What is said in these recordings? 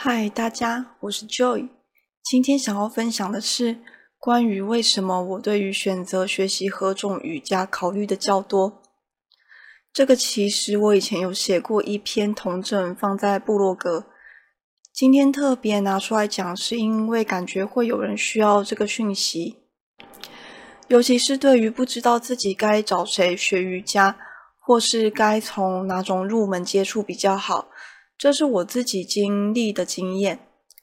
嗨，Hi, 大家，我是 Joy。今天想要分享的是關於為什麼我對於選擇學習何種瑜伽考慮的較多。這個其實我以前有寫過一篇統整放在部落格，今天特別拿出來講，是因為感覺會有人需要這個訊息，尤其是對於不知道自己該找誰學瑜伽，或是該從哪種入門接觸比較好。這是我自己經歷的經驗，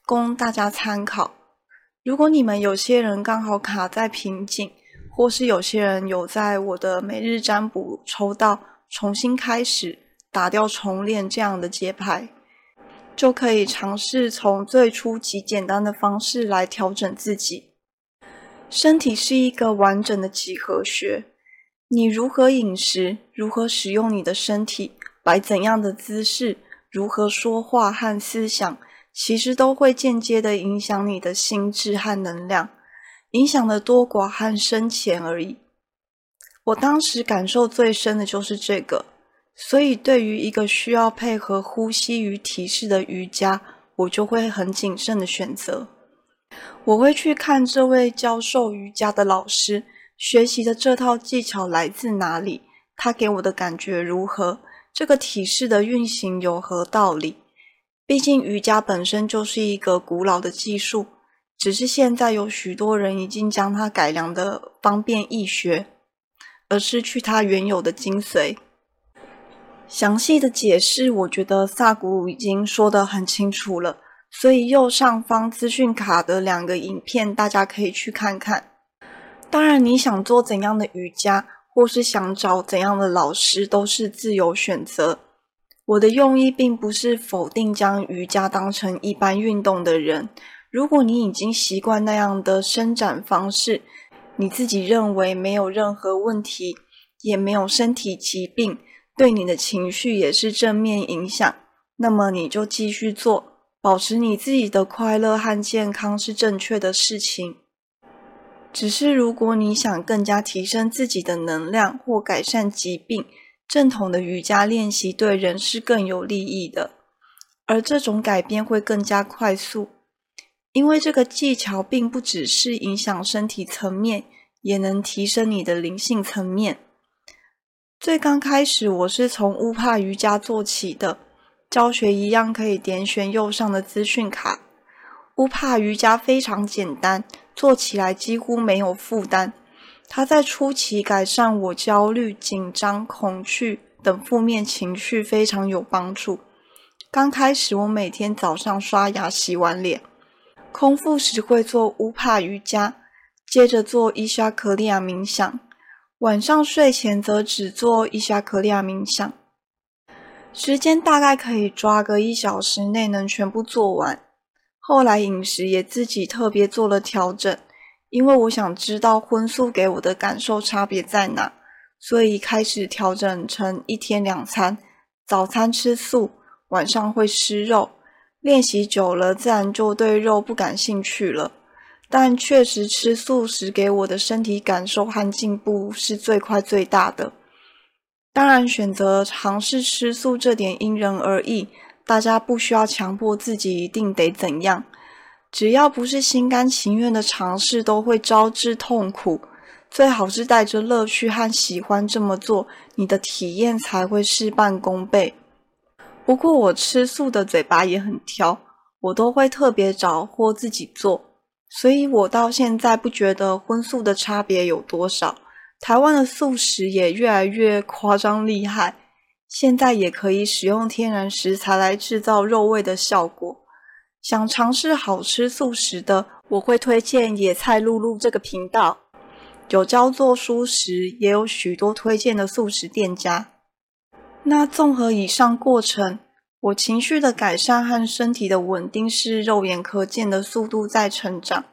供大家參考。如果你們有些人剛好卡在瓶頸，或是有些人有在我的每日占卜抽到重新開始、打掉重練這樣的節拍，就可以嘗試從最初級簡單的方式來調整自己。身體是一個完整的幾何學，你如何飲食，如何使用你的身體，擺怎樣的姿勢，如何說話和思想，其實都會間接的影響你的心智和能量，影響的多寡和深淺而已。我當時感受最深的就是這個，所以對於一個需要配合呼吸與體式的瑜伽，我就會很謹慎的選擇。我會去看這位教授瑜伽的老師，學習的這套技巧來自哪裡，他給我的感覺如何。這個體式的運行有何道理？畢竟瑜伽本身就是一個古老的技術，只是現在有許多人已經將它改良的方便易學，而失去它原有的精髓。詳細的解釋，我覺得薩古魯已經說得很清楚了，所以右上方資訊卡的兩個影片，大家可以去看看。當然，你想做怎樣的瑜伽？或是想找怎樣的老師都是自由選擇。我的用意並不是否定將瑜伽當成一般運動的人。如果你已經習慣那樣的伸展方式，你自己認為沒有任何問題，也沒有身體疾病，對你的情緒也是正面影響，那麼你就繼續做，保持你自己的快樂和健康是正確的事情。只是如果你想更加提升自己的能量或改善疾病，正統的瑜伽練習對人是更有利益的，而這種改變會更加快速，因為這個技巧並不只是影響身體層面，也能提升你的靈性層面。最剛開始，我是從烏帕瑜伽做起的，教學一樣可以點選右上的資訊卡。烏帕瑜伽非常簡單。做起來幾乎沒有負擔，它在初期改善我焦慮、緊張、恐懼等負面情緒非常有幫助。剛開始，我每天早上刷牙、洗完臉，空腹時會做烏帕瑜伽，接着做伊莎克利亞冥想；晚上睡前則只做伊莎克利亞冥想，時間大概可以抓個一小時內能全部做完。後來飲食也自己特別做了調整，因為我想知道葷素給我的感受差別在哪，所以開始調整成一天兩餐，早餐吃素，晚上會吃肉。練習久了，自然就對肉不感興趣了。但確實吃素時給我的身體感受和進步是最快最大的。當然，選擇嘗試吃素這點因人而異。大家不需要強迫自己一定得怎樣，只要不是心甘情願的嘗試，都會招致痛苦。最好是帶着樂趣和喜歡這麼做，你的體驗才會事半功倍。不過我吃素的嘴巴也很挑，我都會特別找或自己做，所以我到現在不覺得葷素的差別有多少。台灣的素食也越來越誇張厲害。現在也可以使用天然食材來製造肉味的效果。想嘗試好吃素食的，我會推薦野菜露露這個頻道。有教做蔬食，也有許多推薦的素食店家。那綜合以上過程，我情緒的改善和身體的穩定是肉眼可見的速度在成長。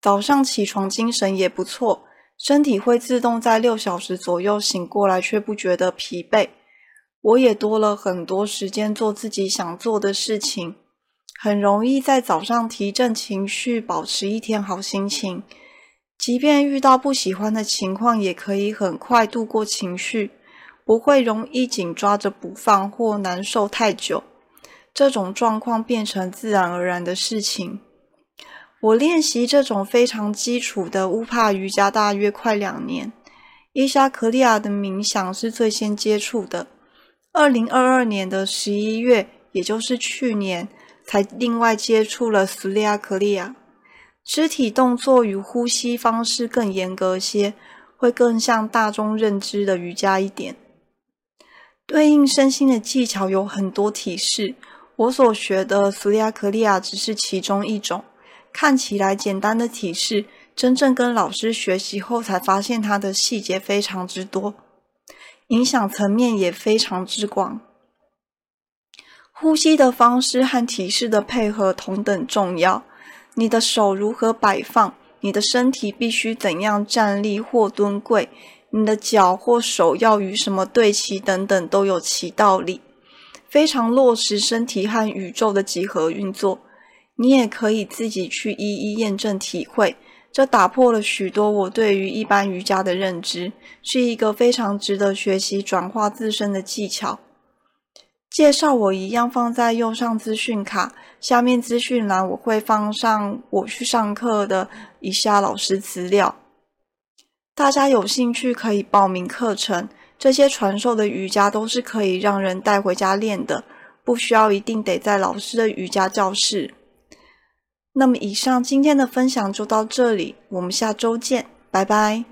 早上起床精神也不錯，身體會自動在六小時左右醒過來，卻不覺得疲憊。我也多了很多時間做自己想做的事情，很容易在早上提振情緒，保持一天好心情。即便遇到不喜歡的情況，也可以很快度過情緒，不會容易緊抓着不放或難受太久。這種狀況變成自然而然的事情。我練習這種非常基礎的烏帕瑜伽大約快兩年。伊莎克利亞的冥想是最先接觸的。二零二二年的十一月，也就是去年，才另外接觸了斯里亞克利亞。肢體動作與呼吸方式更嚴格些，會更像大眾認知的瑜伽一點。對應身心的技巧有很多體式，我所學的斯里亞克利亞只是其中一種。看起來簡單的體式，真正跟老師學習後才發現它的細節非常之多。影響層面也非常之廣。呼吸的方式和體式的配合同等重要。你的手如何擺放，你的身體必須怎樣站立或蹲跪，你的腳或手要與什麼對齊等等，都有其道理，非常落實身體和宇宙的幾何運作。你也可以自己去一一驗證體會。這打破了許多我對於一般瑜伽的認知，是一個非常值得學習轉化自身的技巧。介紹我一樣放在右上資訊卡，下面資訊欄我會放上我去上課的以下老師資料。大家有興趣可以報名課程，這些傳授的瑜伽都是可以讓人帶回家練的，不需要一定得在老師的瑜伽教室。那麼以上今天的分享就到這裡，我們下周見，拜拜。